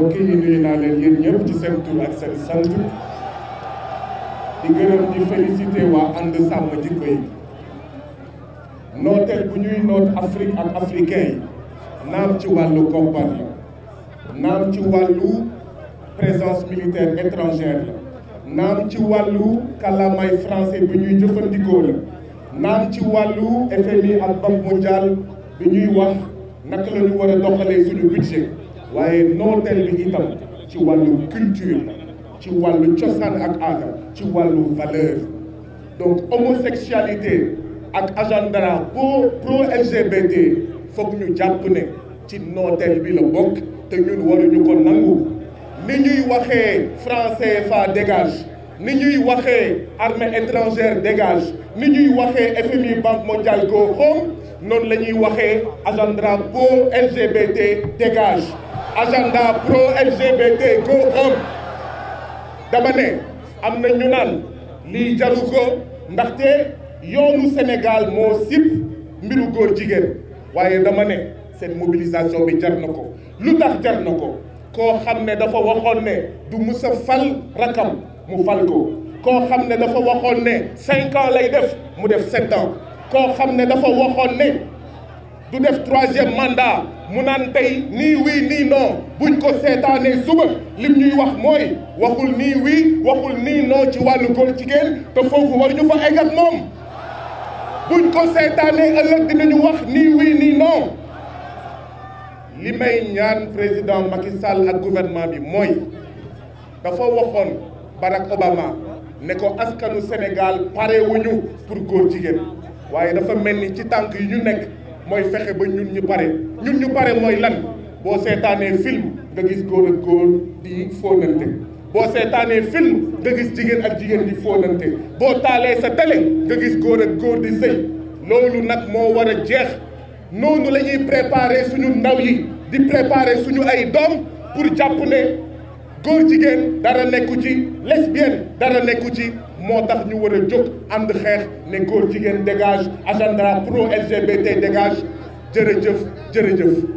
mbokk yi naa leen yéen ñëpp ci seen tur ak seen sant di gërëm di félicité waa ànd sàmm jikko yi nooteel bu ñuy noot Afrique ak africain yi naam ci wàllu koppar la naam ci wàllu présence militaire étrangère la naam ci wàllu kàllaamay français bi ñuy jëfandikoo la naam ci wàllu FMI ak Banque mondiale bi ñuy wax naka la ñu doxalee suñu budget waaye nooteel bi itam ci wàllu culture ci wàllu cosaan ak aada ci wàllu valeur donc homosexualité ak agenda pro pro LGBT foog ñu jàpp ne ci nooteel bi la bokk te ñun waruñu ko nangu ni ñuy waxee français fa dégage ni ñuy waxee armée étrangère dégage ni ñuy waxee FMI banque mondiale go home noonu la ñuy waxee agenda pro LGBT dégage agenda pro LGBT go dama ne am na ñu naan lii jaru ko ndaxte yoonu Sénégal moo sip mbiru góor jigéen waaye dama ne seen mobilisation bi jar na ko lu tax jar na ko koo xam ne dafa waxoon ne du musa fal rakam mu fal ko koo xam ne dafa waxoon ne lay def mu def sept ans koo xam ne dafa waxoon ne du def troisième mandat mu naan tey nii wii nii non buñ ko seetaanee suba lim ñuy wax mooy waxul nii wii waxul nii noo ci wàllu góor jigéen te foofu waruñu fa egg ak moom buñ ko seetaanee ëllëg dinañu wax nii wii nii non li may ñaan président Macky Sall ak gouvernement bi mooy dafa waxoon Barack Obama ne ko askanu Sénégal pare wuñu pour góor jigéen waaye dafa mel ni ci tànk yi ñu nekk mooy fexe ba ñun ñu pare ñun ñu pare mooy lan boo seetaanee film nga gis góor ak góor di fóonante boo seetaanee film nga gis jigéen ak jigéen di fóonante boo taalee sa télé nga gis góor ak góor di sëy loolu nag moo war a jeex noonu la ñuy suñu ndaw yi di préparer suñu ay doom pour jàpp ne góor jigéen dara nekku ci lesbienne dara nekku ci moo tax ñu war a jóg ànd xeex ne góor jigéen dégage agenda pro LGBT dégage jërëjëf jërëjëf